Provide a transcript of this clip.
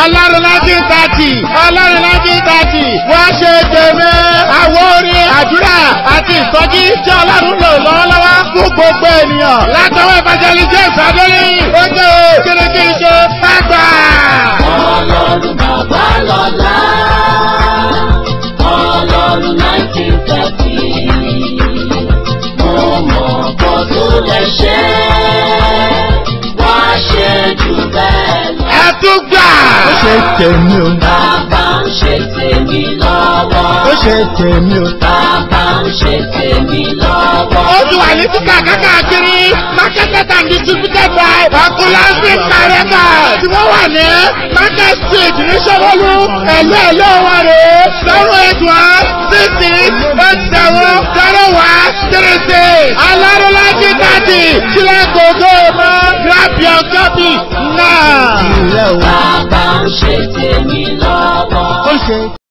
ọlọ́run lájú tàtì ọlọ́run lájú tàtì wá ṣe tèmi àwọn orin àdúrà àti ìsọjí tí ọlọ́run lò lọ́wọ́lọ́wọ́. jù bẹ́ẹ̀ lọ. ẹ tún gbà. ó ṣe tèmi o. bàbá ń ṣe tèmi lọ́wọ́. ó ṣe tèmi o. bàbá ń ṣe tèmi lọ́wọ́. ó ti wà ní kúkà kákàkiri marketed and distributed by bakulansi kareka tí wọ́n wà ní market street ní sọ́wọ́lú ẹ̀lú ẹ̀lú wọn rèé zero eight one six six eight seven zero one three six tàdí sílẹ̀ gògó mọ́ grab your. Monte